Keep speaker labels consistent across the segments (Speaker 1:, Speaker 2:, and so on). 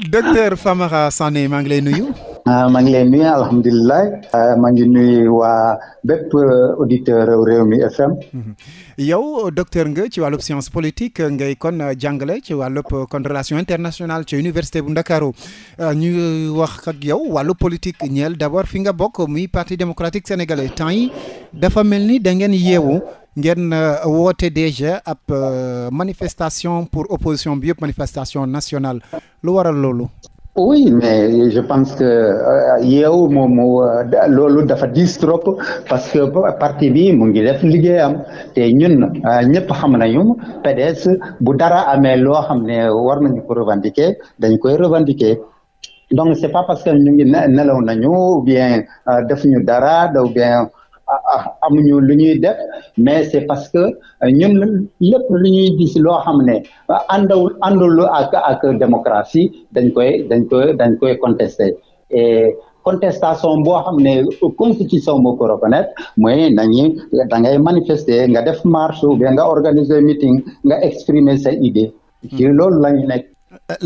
Speaker 1: docteur Famara Sané maa ngi lay nuyu.
Speaker 2: Ah, maa ngi lay nuyu alhamdulilah. Ah, maa ngi nuyu waa bépp euh, auditeur mi FM. Mhm.
Speaker 1: yow docteur nga ci wàllub science politique ngay kon euh, jàngale ci wàllub euh, kon relation internationale ci université bu Ndakaaru ñu wax ak yow wàllu politique ñeel d'abord fi nga bokk muy parti démocratique sénégalais temps yi dafa mel ni da ngeen yeewu. ngeen euh, woote déjà ab euh, manifestation pour opposition bi yëpp manifestation nationale lu waral loolu.
Speaker 2: oui mais je pense que euh, yow moom loolu dafa diis trop parce que partie bi mu ngi def liggéeyam te ñun ñëpp xam nañu PDS bu dara amee loo xam ne war nañu ko revendiquer dañ koy revendiquer donc c'est pas parce que ñu ngi nelaw nañu ou bien def ñu dara ou bien amuñu lu ñuy def mais c'est parce que euh, ñun lépp lu ñuy gis loo xam ne euh, àndawul àndul ak ak démocratie dañ koy dañ koy dañ koy contester et contestation boo xam ne constitution moo ko reconnaître mooy nañu da ngay manifester nga def marche ou bien nga organiser meeting nga exprimer sa idée hmm. ci loolu la ñu nekk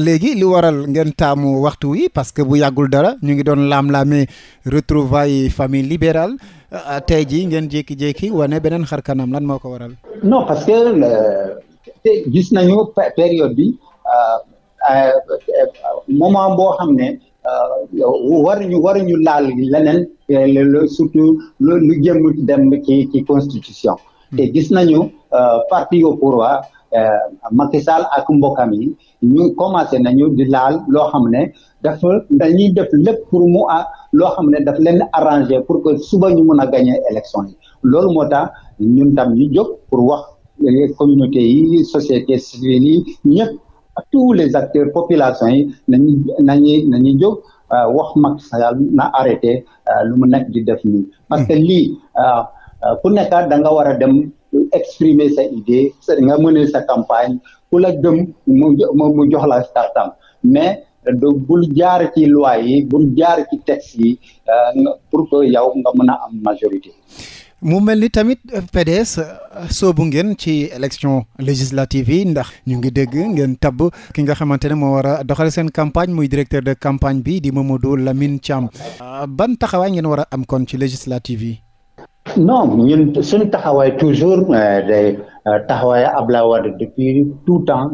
Speaker 1: léegi li waral ngeen taamu waxtu wi parce que bu yàggul dara ñu ngi doon laam-laamee retrouvailles famille libérale euh, tey jii ngeen jékki-jékki wane beneen xar kanam lan moo ko waral. non parce que
Speaker 2: gis nañu période bi euh, euh, moment boo xam ne waruñu waruñu laal leneen surtout lu jëm dem ci ci constitution. Hmm. te gis nañu parti au Euh, Macky Sall ak mbokkam yi ñu commencé nañu di laal loo xam ne dafa dañuy def lépp pour mu ah loo xam ne daf leen arrangé pour que suba ñu mun a gagné élection yi loolu moo tax ñun tam ñu jóg pour wax communauté yi société civile yi ñëpp tous les acteurs population yi nañu nañu nañu jóg euh, wax Macky Sall na arrêté euh, lu mu nekk di def nii parce que lii ku nekk da nga war exprimer sa idée nga mënee sa campagne ku la gëm mu mu jox la kartam mais bul jaar ci loi yi bul jaar ci texte yi euh, pour que yow nga mën a am majorité
Speaker 1: mu mel ni tamit PDS euh, soobu ngeen ci élection législative yi ndax ñu ngi dégg ngeen tabb ki nga xamante ne moo war a doxal seen campagne muy directeur de campagne bi di Mamadou Lamine Thiam euh, ban taxawaay ngeen war a am kon ci législative yi
Speaker 2: non ñun suñu taxawaay toujours euh, day euh, taxawaay Abdoulaye Wade depuis tout temps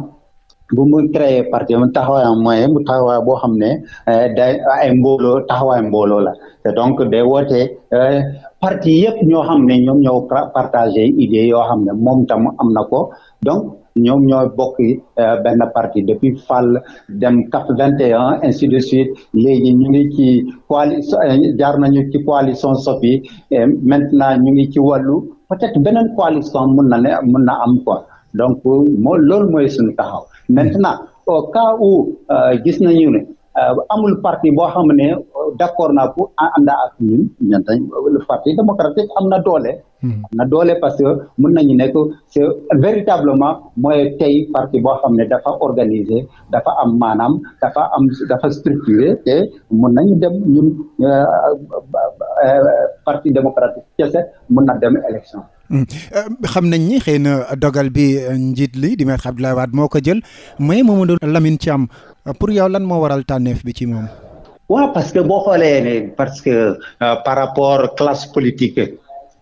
Speaker 2: bu muy créé parti mu taxawaay mooy mu taxawaay boo xam ne euh, day ay mbooloo taxawaay mbooloo la donc day woote parti yëpp ñoo xam ne ñoom ñoo partagé idée yoo xam ne moom tam am na ko donc. ñoom ñooy bokk euh, benn parti depuis Fall dem CAP 21 ainsi de suite léegi ñu ngi ci coalition euh, jaar nañu ci coalition Sopi maintenant ñu ngi ci wàllu peut-être beneen coalition mun na ne mun na am quoi donc moo loolu mooy suñu taxaw maintenant au cas où euh, gis nañu ne Euh, amul parti boo xam ne euh, d'accord naa pour ànd ak ñun ñun dañ le parti démocratique am na doole. Hmm. na doole parce que mën nañu nekk c'est véritablement mooy tey parti boo xam ne dafa organiser dafa am maanaam dafa am dafa structuré te mën nañu dem ñun euh, parti démocratique kese mun na dem élection.
Speaker 1: Mm. Euh, xam nañ ni xëy na dogal bi euh, njiit li di maître Abdoulaye Wade moo ko jël mais Mamadou Lamine Thiam euh, pour yow lan moo waral tànneef bi ci moom.
Speaker 2: waaw parce que boo xoolee parce que par rapport classe politique.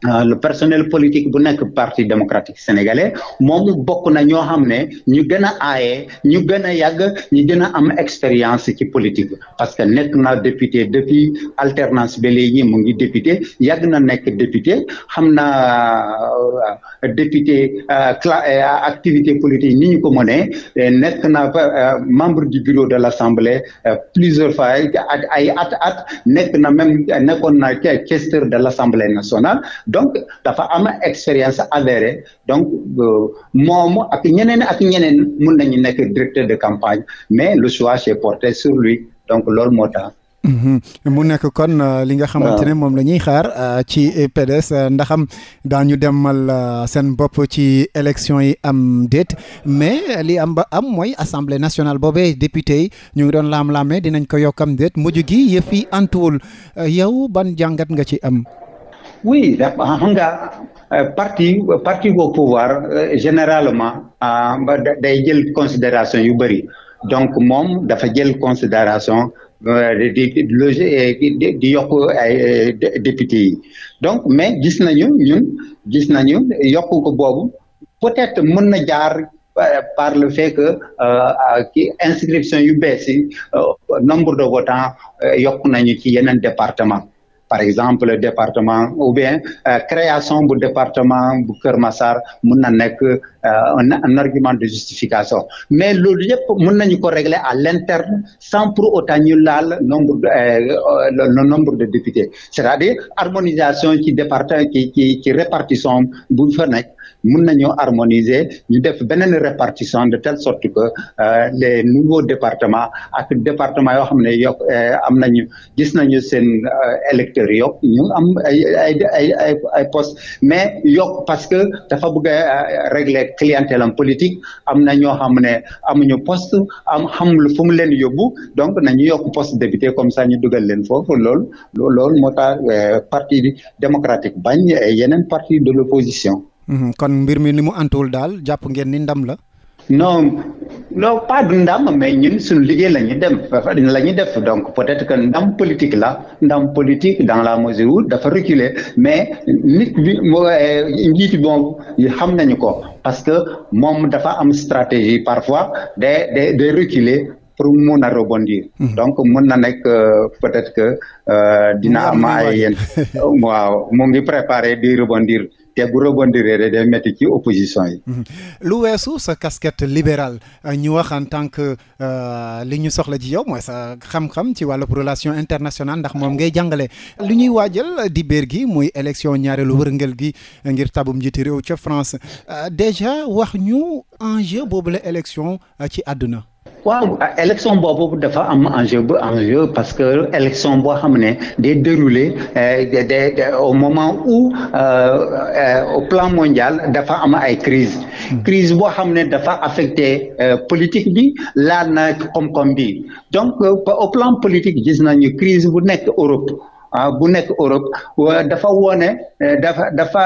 Speaker 2: Euh, le personnel politique bu nekk parti démocratique sénégalais moom bokk na ñoo xam ne ñu gën a aaye ñu gën a yàgg ñu gën a am expérience ci politique parce que nekk na député depuis alternance ba léegi moom ngi député yàgg na nekk député xam na euh, député euh, activité politique ni ñu ko mënee nekk na membre du bureau de l'assemblée plusieurs fois ay at at nekk na même nekkoon na questeur de l'assemblée nationale donc dafa am expérience avérée donc euh, moom ak ñeneen ak ñeneen mun nañu nekk directeur de campagne mais le choix s'est porté sur lui donc loolu moo tax.
Speaker 1: Mhm. mu nekk kon euh, li nga xamante ne moom la ñuy xaar euh, ci PDS ndaxam daañu demal seen bopp ci élection yi am déet mais li am ba am mooy assemblée nationale boobee député yi ñu ngi doon laam-laamee dinañ ko yokk am déet gi yëf yi antuwul yow ban jàngat nga ci am.
Speaker 2: nga euh, parti parti au pouvoir euh, généralement euh, day jël considération yu bëri donc moom dafa jël considération di loger di yokk ay député yi donc mais gis nañu ñun gis nañu yokk boobu peut-être mën na jaar par le fait que ki inscription yu bees yi nombre de votants yokk nañu ci yeneen département par exemple département ou bien euh, création bu département bu Kër Massar mun na nekk euh, un argument de justification mais loolu yëpp mun nañu ko régler à l'interne sans pour autant ñu laal nombre euh, le nombre de députés c'est-à-dire harmonisation ci département ci ci ci répartition bu fa nekk mun nañu harmoniser ñu def beneen répartition de telle sorte que les nouveaux départements ak départements yoo xam ne yokk am nañu gis nañu seen électeurs directeur yokk ñu am ay ay ay poste mais yokk parce que dafa bëgg a régler clientèle am politique am na ñoo xam ne amuñu poste am xamul fu mu leen yóbbu na nañu yokk poste député comme ça dugal leen foofu loolu lool moo tax euh, parti démocratique bañ yeneen parti de l'opposition
Speaker 1: kon mbir mi daal jàpp ngeen ni ndam la non non pas du ndam mais ñun suñu liggéey la ñu dem
Speaker 2: la ñu def donc peut-être que ndam politique la ndam politique dans la mesure où dafa réculer mais nit bi eh, njiit boobu xam nañu ko parce que moom dafa am stratégie parfois day day day reculer pour mun a rebondir. Mhm. donc mun na nekk euh, peut-être que euh, dina am ay. waaw mu ngi préparé di rebondir. te bu rebondiree rek ci opposition yi.
Speaker 1: Mhm. lu weesu sa casquette libéral ñu wax en tant que euh, li ñu soxla ci yow mooy sa xam-xam ci wàllu relation internationale ndax moom ngay jàngale. lu ñuy waajal dibéer gi muy élection ñaareelu wërngël gi ngir tabum njiiti réew ca France euh, déjà wax ñu enjeu boobu la élection euh, ci àdduna.
Speaker 2: waaw élection boobu dafa am enjeu ba enjeu parce que élection boo xam ne day déroulé euh, day au moment où euh, euh, au plan mondial dafa am ay crise hmm. crise boo xam ne dafa affecté politique bi laal na koom-koom bi donc au plan politique gis nañu crise bu nekk Europe ah, bu nekk Europe dafa wone dafa dafa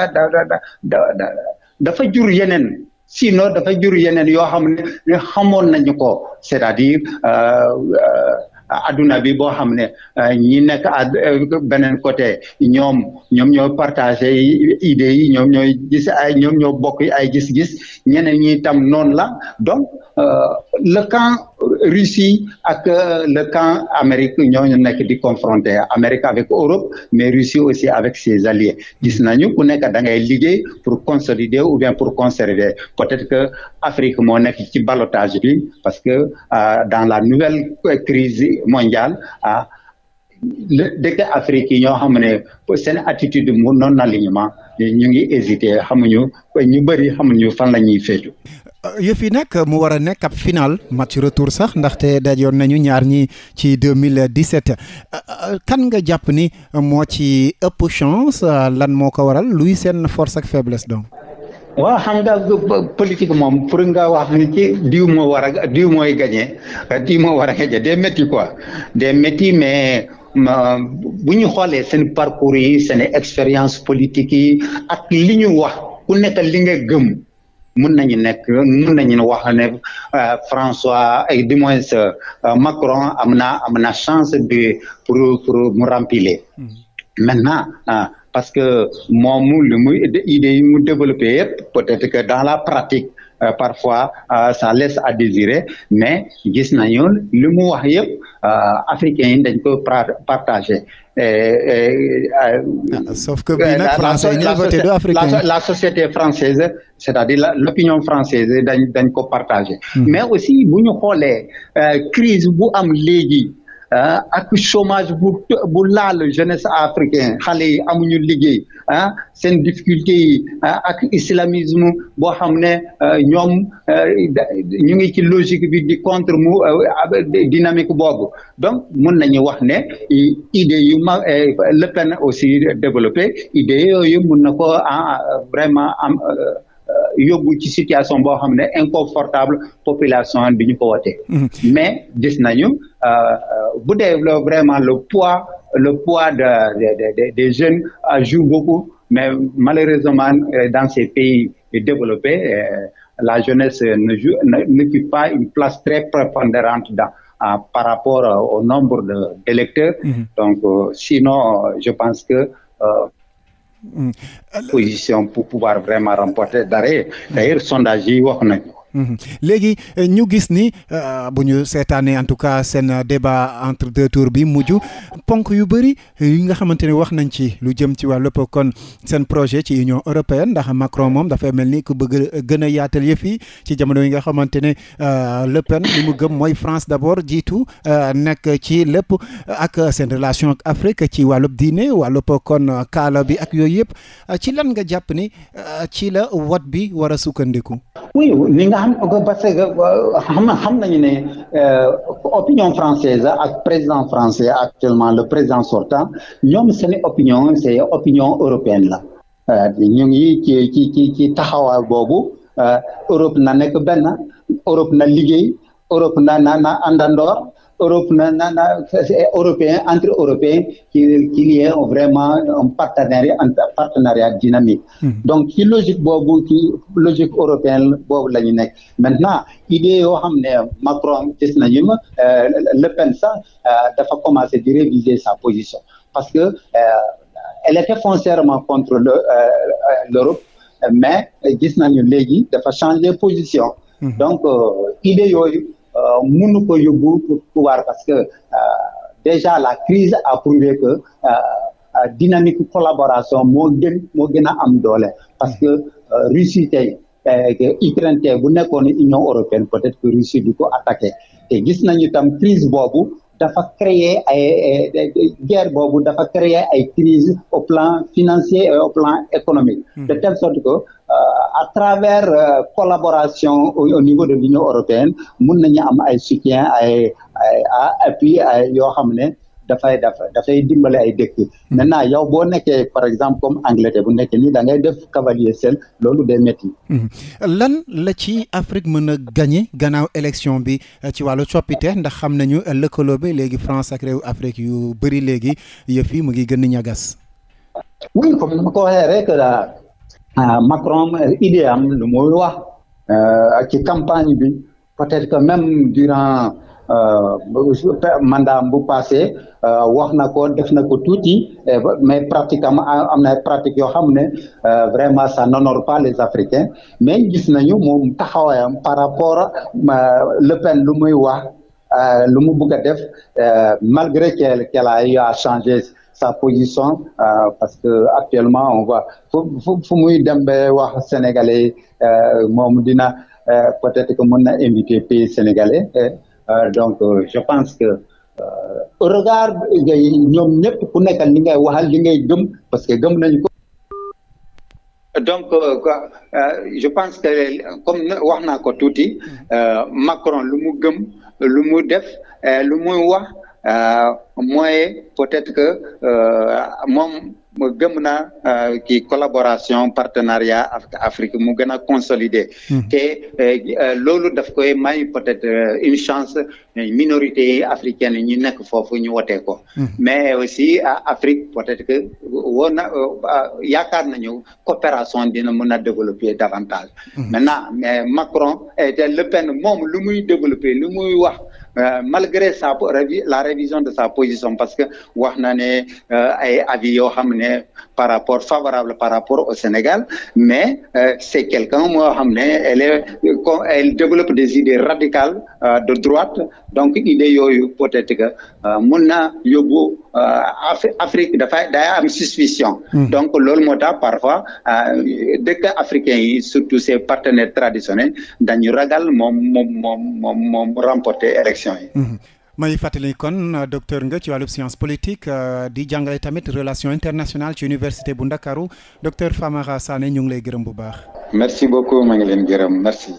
Speaker 2: dafa jur yeneen sinon dafa jur yeneen yoo xam ne xamoon nañu ko c'est-à-dire euh, euh, adduna bi boo xam ne euh, ñi nekk à euh, beneen côté ñoom ñoom ñoo yi idées yi ñoom ñooy gis ay ñoom ñoo bokk ay gis-gis ñeneen ñi tam noonu la donc euh, le camp Russie ak le camp Amérique ñooñu nekk di confronté Amérique avec Europe mais Russie aussi avec ses alliés gis nañu ku nekk da ngay liggéey pour consolider ou bien pour conserver peut-être que Afrique moo nekk ci balotage bi parce que dans la nouvelle crise mondiale ah dëkk Afrique yi ñoo xam ne seen attitude mu non alignement ñu ngi hésité xamuñu ñu bëri xamuñu fan la ñuy féetu.
Speaker 1: Euh, yëf yi nag mu war a nekk ab final match retour sax ndaxte dajoon nañu ñaar ñi ci 2017 euh, euh, kan nga jàpp ni moo ci ëpp chance lan moo ko waral luy seen force ak faiblesse donc.
Speaker 2: waaw xam nga politique moom pour nga wax ni ci diw moo war a diw mooy gagné diw moo war a gagné des métiers quoi des métiers mais bu ñu xoolee seen parcours yi seen expérience politique yi ak li ñu wax ku nekk li nga gëm mun nañu nekk mun nañu wax ne euh, François et du moins euh, Macron am na am na chance de pour pour mu remplir mm-hmm. maintenant. Ah, parce que moom lu muy idée yi mu développé yëpp peut-être que dans la pratique Euh, parfois euh, ça laisse à désirer mais gis nañu li mu wax yëpp euh, africains yi dañ ko partagé. Euh, ah, sauf
Speaker 1: que bii euh, la
Speaker 2: la société française c'est-à-dire la l'opinion française dañ dañ ko partagé. Hmm. mais aussi bu crise bu am léegi. ah ak chômage bu bu laal jeunesse africain xale yi amuñu liggéey ah seen difficulté yi ah, ak islamisme boo xam ne ah, ñoom ah, ñu ngi ci logique bi contre mu dynamique boobu donc mun nañu wax ne idée yu ma eh, Le Pen aussi développé idée yooyu mun na ko vraiment am. yóbbu ci situation boo xam ne inconfortable population bi ñu ko wote mmh. mais gis nañu euh, bu dee vraiment le poids le poids de de des jeunes à euh, joue beaucoup mais malheureusement euh, dans ces pays développés la jeunesse ne joue n'occupe pas une place très prépondérante dans par rapport au nombre de d'électeurs mmh. donc sinon je pense que Hmm. position pour pouvoir vraiment remporter dara d'ailleurs sondage yi wax nañu
Speaker 1: Mhm. léegi euh, ñu gis ni euh, bu ñu seetaanee en tout cas seen débat entre deux tours bi mujj ponk yu bëri yi nga xamante ne wax nañ ci lu jëm ci wàllu kon seen projet ci Union européenne ndax Macron moom dafay mel ni ku bëgg euh, gën a yaatal yëf yi ci jamono yi nga xamante ne Le Pen li mu gëm mooy France d'abord jiitu nekk ci lépp ak seen relation ak Afrique ci wàllub diine wàllub kon kaala bi ak yooyu yëpp ci lan nga jàpp ni ci la wot bi war a sukkandiku.
Speaker 2: xam parce que xam xam nañu ne euh, opinion française ak président français actuellement le président sortant ñoom seen opinion c'est opinion européenne la euh, ñu ngi ci ci ci ci taxawaay boobu euh, Europe na nekk benn Europe na liggéey Europe na na na àndandoor Europe, na, na, européen, entre Européens, qu'il qu y ait vraiment un partenariat, un partenariat dynamique. Mm Donc, ci logique boobu ci logique européenne boobu la ñu nekk maintenant idée yoo xam ne Macron gis nañu ma euh, Le Pen sax euh, dafa commencer di réviser sa position parce que euh, elle était foncièrement contre le euh, euh l'Europe mais gis ñu léegi dafa changer position. Hmm. donc idée yooyu. Euh, mënu ko yóbbu pour pouvoir parce que euh, déjà la crise a prouvé que euh, dynamique collaboration moo gën moo gën a am doole parce que Russie tey Ukraine tey bu nekkoon Union européenne peut-être que Russie du ko attaqué te gis nañu tam crise boobu dafa créer ay guerre boobu dafa créer ay crise au plan financier et au plan économique hmm. de telle sorte que à travers euh, collaboration au niveau de l'Union européenne mun nañu am ay soutien ay ay appui yoo xam ne dafay dafay dimbale ay dëkk hmm. maintenant yow boo nekkee par exemple comme Angleterre bu nekkee nii da ngay def cavalier seul loolu de métti
Speaker 1: hmm. lan la ci Afrique mën a gagné gannaaw élection bi euh, ci wàllu coppite ndax xam nañu euh, lëkkaloo bi léegi France ak réew Afrique yu bëri léegi yëf yi mu ngi gën a ñagas oui comme ko waxee rek Ah, Macron euh, idée am lu muy wax euh,
Speaker 2: ci campagne bi peut-être que même durant euh, mandat bu passé wax na ko def na ko tuuti mais pratiquement am na pratique yoo xam ne vraiment ça n'honore pas les Africains mais gis nañu moom taxawaayam par rapport Le Pen lu muy wax lu mu bëgg a def malgré qu'elle qu'elle a eu sa position euh, parce que actuellement on voit fu fu fu muy dem ba wax sénégalais euh, moom dina euh, peut-être que mën na invité pays sénégalais donc je pense que au regard ngay ñoom ñëpp ku nekkal li ngay waxal li ngay gëm parce que gëm nañu ko. donc je pense que comme wax naa ko tuuti mm-hmm. Macron lu mu gëm lu mu def lu muy wax Euh, mooy peut-être que euh, moom gëm naa kii euh, collaboration partenariat ak Afrique mu gën a consolider. Hmm. te loolu daf koy may peut-être une chance minorité africaine yi ñu nekk foofu ñu wotee ko. Hmm. mais aussi Afrique peut-être que woon na yaakaar nañu coopération dina mën a développer davantage. Hmm. maintenant mais Macron et Le Pen moom lu muy développer lu muy wax. Euh, malgré sa la révision de sa position parce que wax na ne euh, ay avis yoo xam ne par rapport favorable par rapport au Sénégal mais euh, c'est quelqu'un moo xam ne elle est elle développe des idées radicales de droite donc idées yooyu peut-être que Afrique dafay day am suspicion hmm. donc loolu moo tax parfois dëkk africains yi surtout ses partenaires traditionnels dañu ragal moom moom moom moom élection
Speaker 1: yi. Mhm. may fàttali kon euh, docteur nga ci wàllub science politique euh, di jàngale tamit relation internationale ci université bu Ndakaaru docteur Famara Sané ñu ngi lay gërëm bu baax.
Speaker 2: merci beaucoup maa ngi leen gërëm merci.